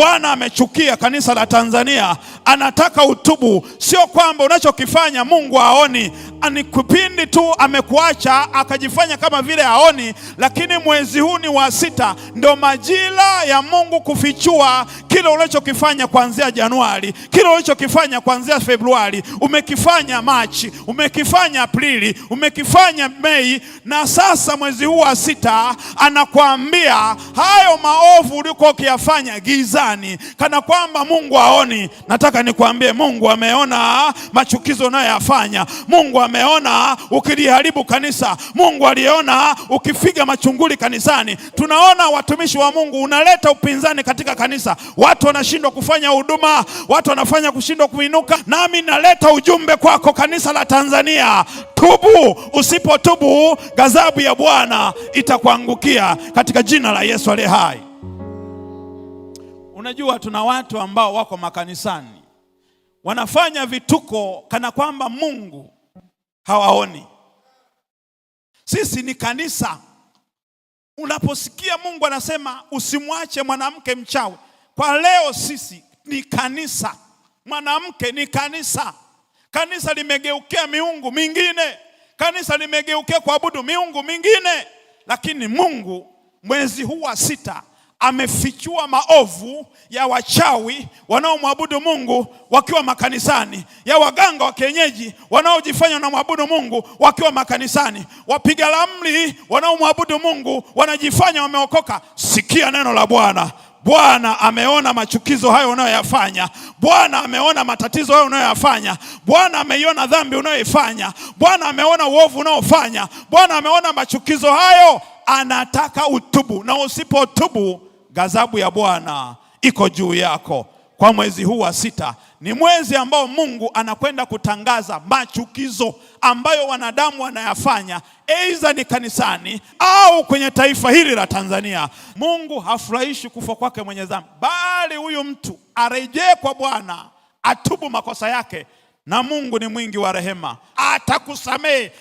Bwana amechukia kanisa la Tanzania, anataka utubu. Sio kwamba unachokifanya Mungu haoni Ah, ni kipindi tu amekuacha akajifanya kama vile haoni, lakini mwezi huu ni wa sita, ndo majira ya Mungu kufichua kile ulichokifanya kuanzia Januari, kile ulichokifanya kuanzia Februari, umekifanya Machi, umekifanya Aprili, umekifanya Mei, na sasa mwezi huu wa sita anakuambia hayo maovu uliko ukiyafanya gizani, kana kwamba Mungu haoni. Nataka nikuambie Mungu ameona machukizo unayoyafanya. Mungu wameona ukiliharibu kanisa. Mungu aliona ukifiga machunguli kanisani. Tunaona watumishi wa Mungu, unaleta upinzani katika kanisa, watu wanashindwa kufanya huduma, watu wanafanya kushindwa kuinuka. Nami naleta ujumbe kwako, kanisa la Tanzania, tubu. Usipotubu, ghadhabu ya Bwana itakuangukia katika jina la Yesu aliye hai. Unajua, tuna watu ambao wako makanisani wanafanya vituko kana kwamba Mungu hawaoni. Sisi ni kanisa. Unaposikia Mungu anasema usimwache mwanamke mchawi, kwa leo sisi ni kanisa, mwanamke ni kanisa. Kanisa limegeukea miungu mingine, kanisa limegeukea kuabudu miungu mingine, lakini Mungu mwezi huu wa sita amefichua maovu ya wachawi wanaomwabudu Mungu wakiwa makanisani, ya waganga wa kienyeji wanaojifanya wanamwabudu Mungu wakiwa makanisani, wapiga ramli wanaomwabudu Mungu wanajifanya wameokoka. Sikia neno la Bwana. Bwana ameona machukizo hayo unayoyafanya. Bwana ameona matatizo hayo unayoyafanya. Bwana ameiona dhambi unayoifanya. Bwana ameona uovu unaofanya. Bwana ameona machukizo hayo, anataka utubu, na usipotubu ghadhabu ya Bwana iko juu yako kwa mwezi huu wa sita. Ni mwezi ambao Mungu anakwenda kutangaza machukizo ambayo wanadamu wanayafanya, aidha ni kanisani au kwenye taifa hili la Tanzania. Mungu hafurahishi kufa kwake mwenye dhambi, bali huyu mtu arejee kwa Bwana, atubu makosa yake, na Mungu ni mwingi wa rehema, atakusamehe.